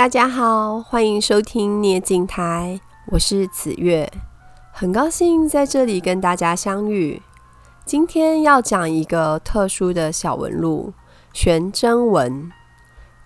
大家好，歡迎收聽捏鏡台，我是紫玥，很高興在這裡跟大家相遇。今天要講一個特殊的小紋路——懸針紋。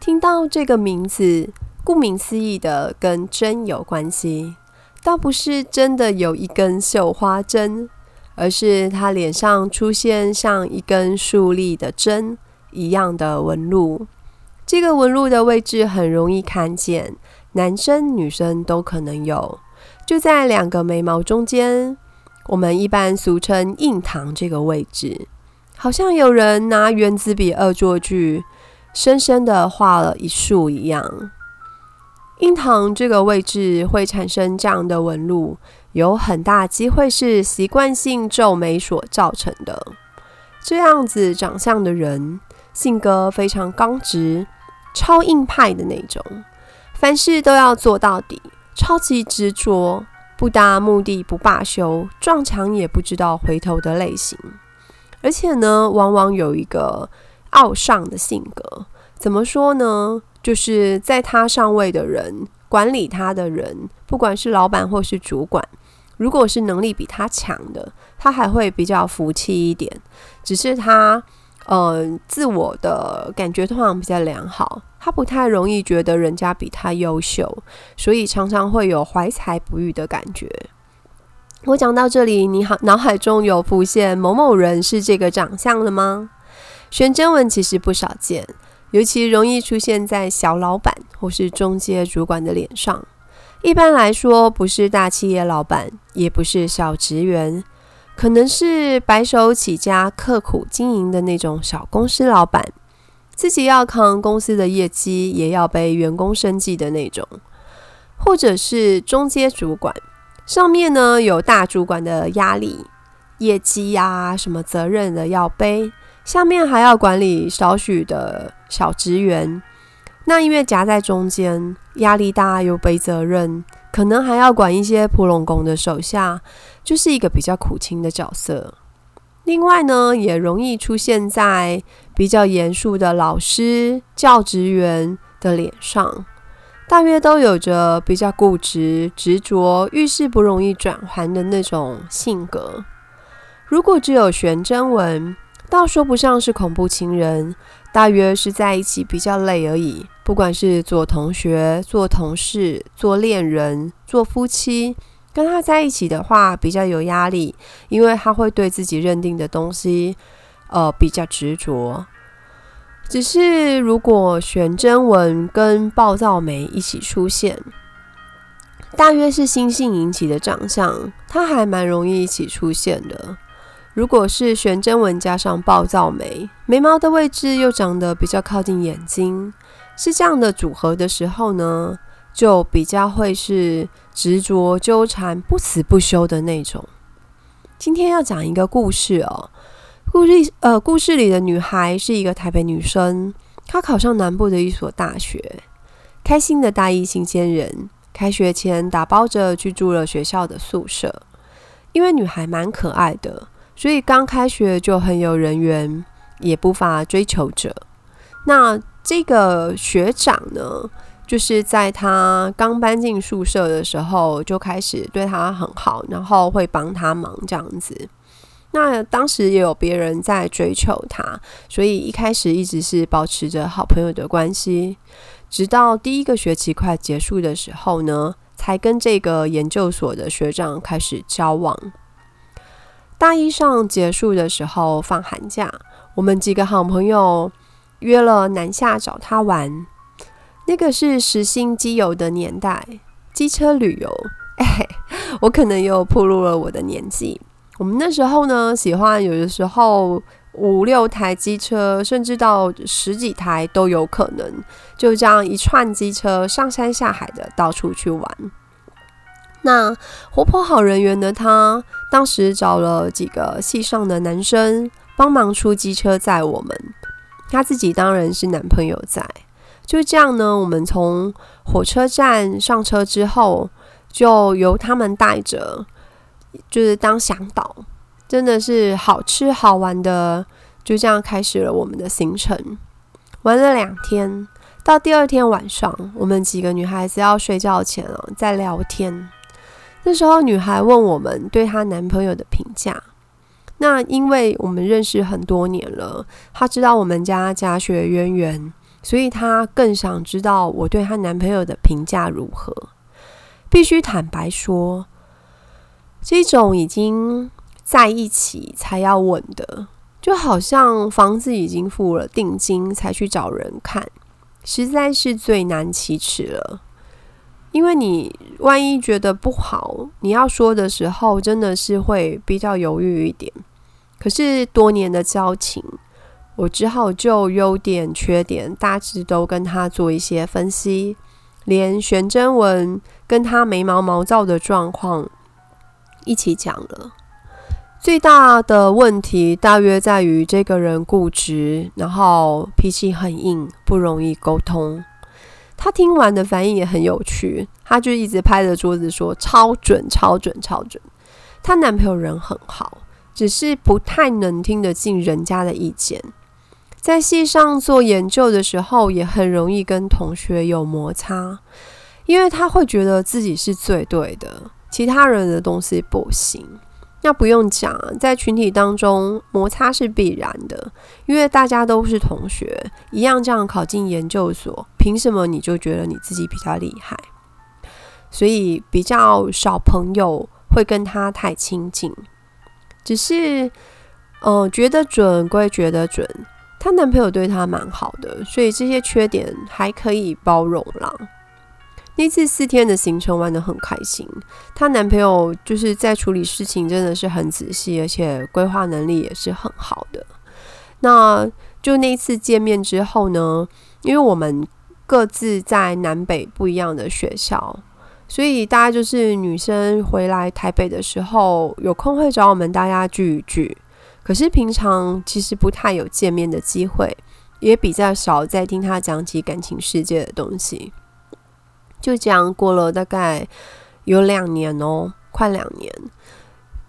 聽到這個名字，顧名思義的跟針有關係，倒不是真的有一根繡花針，而是它臉上出現像一根豎立的針一樣的紋路。這個紋路的位置很容易看見，男生女生都可能有，就在兩個眉毛中間，我們一般俗稱“印堂”這個位置，好像有人拿原子筆惡作劇，深深的畫了一豎一樣。印堂這個位置會產生這樣的紋路，有很大機會是習慣性皺眉所造成的。這樣子長相的人，性格非常剛直、超硬派的那種，凡事都要做到底，超級執着，不達目的不罷休，撞牆也不知道回頭的類型。而且呢，往往有一個傲上的性格。怎麼說呢？就是在他上位的人、管理他的人，不管是老闆或是主管，如果是能力比他強的，他還會比較服氣一點。只是他。嗯、呃，自我的感覺通常比較良好，他不太容易覺得人家比他優秀，所以常常會有懷才不遇的感覺。我講到這裡，你好，腦海中有浮現某某人是這個長相了嗎？懸針紋其實不少見，尤其容易出現在小老板或是中介主管的臉上。一般來說，不是大企業老板，也不是小職員。可能是白手起家、刻苦經營的那種小公司老闆，自己要扛公司的業績，也要背員工生計的那種；或者是中階主管，上面呢有大主管的壓力、業績呀、啊、什麼責任的要背，下面還要管理少許的小職員。那因為夾在中間，壓力大又背責任，可能還要管一些普隆工的手下。就是一個比較苦情的角色。另外呢，也容易出現在比較嚴肅的老師、教職員的臉上，大約都有着比較固執、執着、遇事不容易轉圜的那種性格。如果只有懸針紋，倒說不上是恐怖情人，大約是在一起比較累而已。不管是做同學、做同事、做戀人、做夫妻。跟他在一起的話，比較有壓力，因為他會對自己認定的東西，呃，比較執着。只是如果懸針紋跟暴躁眉一起出現，大約是心性引起的長相，它還蠻容易一起出現的。如果是懸針紋加上暴躁眉，眉毛的位置又長得比較靠近眼睛，是這樣的組合的時候呢？就比較會是執着糾纏、不死不休的那種。今天要講一個故事哦，故事呃，故事裡的女孩是一個台北女生，她考上南部的一所大學，開心的大一新鮮人，開學前打包着去住了學校的宿舍。因為女孩蠻可愛的，所以剛開學就很有人緣，也不乏追求者。那這個學長呢？就是在他剛搬進宿舍的時候，就開始對他很好，然後會幫他忙這樣子。那當時也有別人在追求他，所以一開始一直是保持着好朋友的關係。直到第一個學期快結束的時候呢，才跟這個研究所的學長開始交往。大一上結束的時候放寒假，我們幾個好朋友約了南下找他玩。那個是時興機遊的年代，機車旅遊。哎，我可能又暴露了我的年紀。我們那時候呢，喜歡有的時候五六台機車，甚至到十幾台都有可能。就這樣一串機車，上山下海的到處去玩。那活潑好人緣的他，當時找了幾個系上的男生幫忙出機車載我們，他自己當然是男朋友載。就這樣呢，我們從火車站上車之後，就由他們帶着，就是當向導，真的是好吃好玩的，就這樣開始了我們的行程。玩了兩天，到第二天晚上，我們幾個女孩子要睡覺前了、哦，在聊天。那時候，女孩問我們對她男朋友的評價。那因為我們認識很多年了，她知道我們家家學淵源。所以她更想知道我對她男朋友的評價如何。必須坦白說，這種已經在一起才要穩的，就好像房子已經付了定金才去找人看，實在是最難啟齒了。因為你萬一覺得不好，你要說的時候，真的是會比較猶豫一點。可是多年的交情。我只好就優點、缺點大致都跟他做一些分析，連懸針紋跟他眉毛毛躁的狀況一起講了。最大的問題大約在於這個人固執，然後脾氣很硬，不容易溝通。他聽完的反應也很有趣，他就一直拍着桌子說：“超準，超準，超準！”他男朋友人很好，只是不太能聽得進人家的意見。在系上做研究的時候，也很容易跟同學有摩擦，因為他會覺得自己是最對的，其他人的東西不行。那不用講，在群體當中摩擦是必然的，因為大家都是同學，一樣這樣考進研究所，憑什麼你就覺得你自己比較厲害？所以比較少朋友會跟他太親近，只是，嗯、呃，覺得準歸覺得準。她男朋友對她蠻好的，所以這些缺點還可以包容啦。那次四天的行程玩得很開心，她男朋友就是在處理事情真的是很仔細，而且規劃能力也是很好的。那就那次見面之後呢，因為我們各自在南北不一樣的學校，所以大家就是女生回來台北的時候，有空會找我們大家聚一聚。可是平常其實不太有見面的機會，也比較少在聽他講起感情世界的東西。就這樣過了大概有兩年哦，快兩年。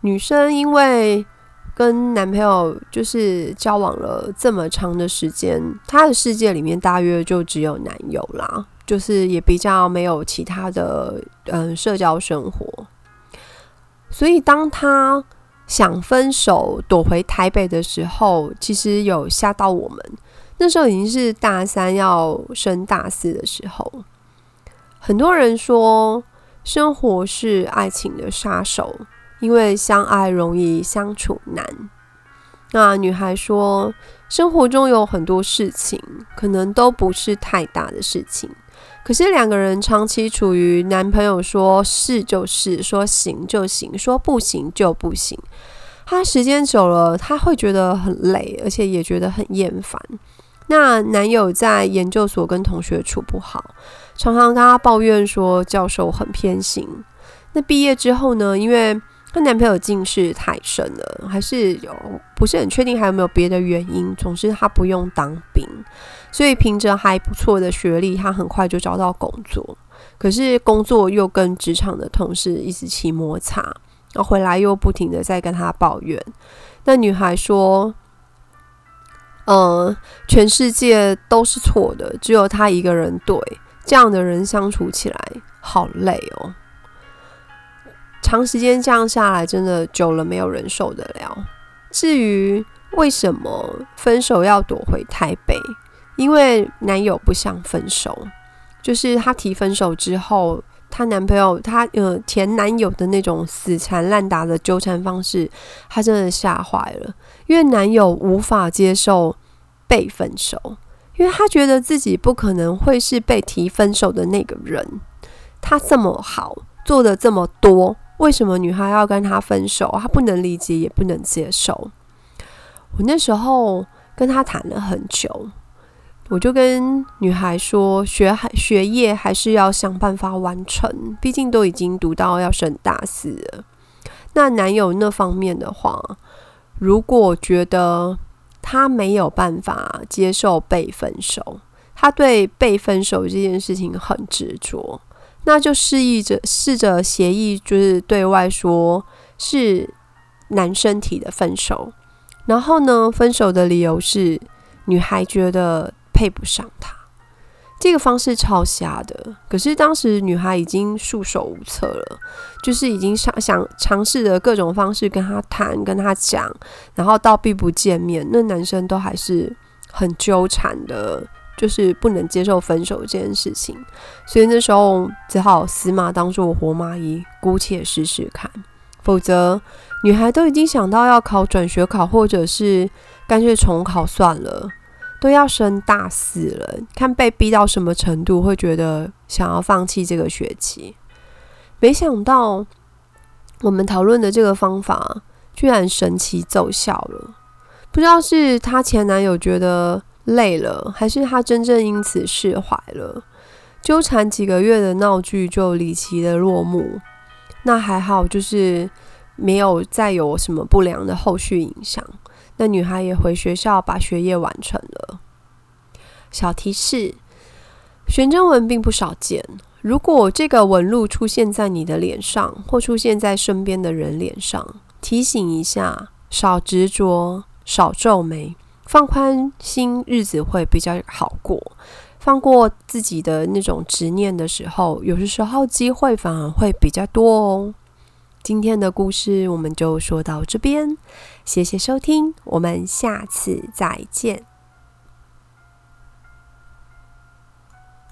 女生因為跟男朋友就是交往了這麼長的時間，她的世界裡面大約就只有男友啦，就是也比較沒有其他的嗯社交生活。所以當她。想分手，躲回台北的時候，其實有嚇到我們。那時候已經是大三要升大四的時候，很多人說生活是愛情的殺手，因為相愛容易相處難。那女孩說，生活中有很多事情，可能都不是太大的事情。可是兩個人長期處於男朋友說是就是，說行就行，說不行就不行。他時間久了，他會覺得很累，而且也覺得很厭煩。那男友在研究所跟同學處不好，常常跟他抱怨說教授很偏心。那畢業之後呢？因為跟男朋友近視太深了，還是有不是很確定還有沒有別的原因。總之，他不用當兵。所以憑着還不錯的學歷，他很快就找到工作。可是工作又跟職場的同事一直起摩擦，然後回來又不停的在跟他抱怨。那女孩說：“呃、嗯，全世界都是錯的，只有他一個人對。這樣的人相處起來好累哦。長時間這樣下來，真的久了沒有人受得了。至於為什麼分手要躲回台北？”因為男友不想分手，就是她提分手之後，她男朋友，她呃前男友的那種死纏爛打的糾纏方式，她真的嚇壞了。因為男友無法接受被分手，因為他覺得自己不可能會是被提分手的那個人。他這麼好，做得這麼多，為什麼女孩要跟他分手？他不能理解，也不能接受。我那時候跟他談了很久。我就跟女孩說，學還學業還是要想辦法完成，畢竟都已經讀到要升大四了。那男友那方面的話，如果覺得他沒有辦法接受被分手，他對被分手這件事情很執着，那就示意着試着協議，就是對外說是男生提的分手。然後呢，分手的理由是女孩覺得。配不上他，這個方式超瞎的。可是當時女孩已經束手無策了，就是已經想，想嘗試了各種方式跟他談、跟他講，然後到避不見面，那男生都還是很糾纏的，就是不能接受分手這件事情。所以那時候只好死馬當作活馬醫，姑且試試看。否則，女孩都已經想到要考轉學考，或者是乾脆重考算了。都要升大四了，看被逼到什麼程度，會覺得想要放棄這個學期。沒想到我們討論的這個方法居然神奇奏效了，不知道是她前男友覺得累了，還是她真正因此釋懷了，糾纏幾個月的鬧劇就離奇的落幕。那還好，就是沒有再有什麼不良的後續影響。那女孩也回學校把學業完成了。小提示：懸針紋並不少見。如果這個紋路出現在你的臉上，或出現在身邊的人臉上，提醒一下：少執着，少皺眉，放寬心，日子會比較好過。放過自己的那種執念的時候，有的時候機會反而會比較多哦。今天的故事我們就說到這邊，謝謝收聽，我們下次再見。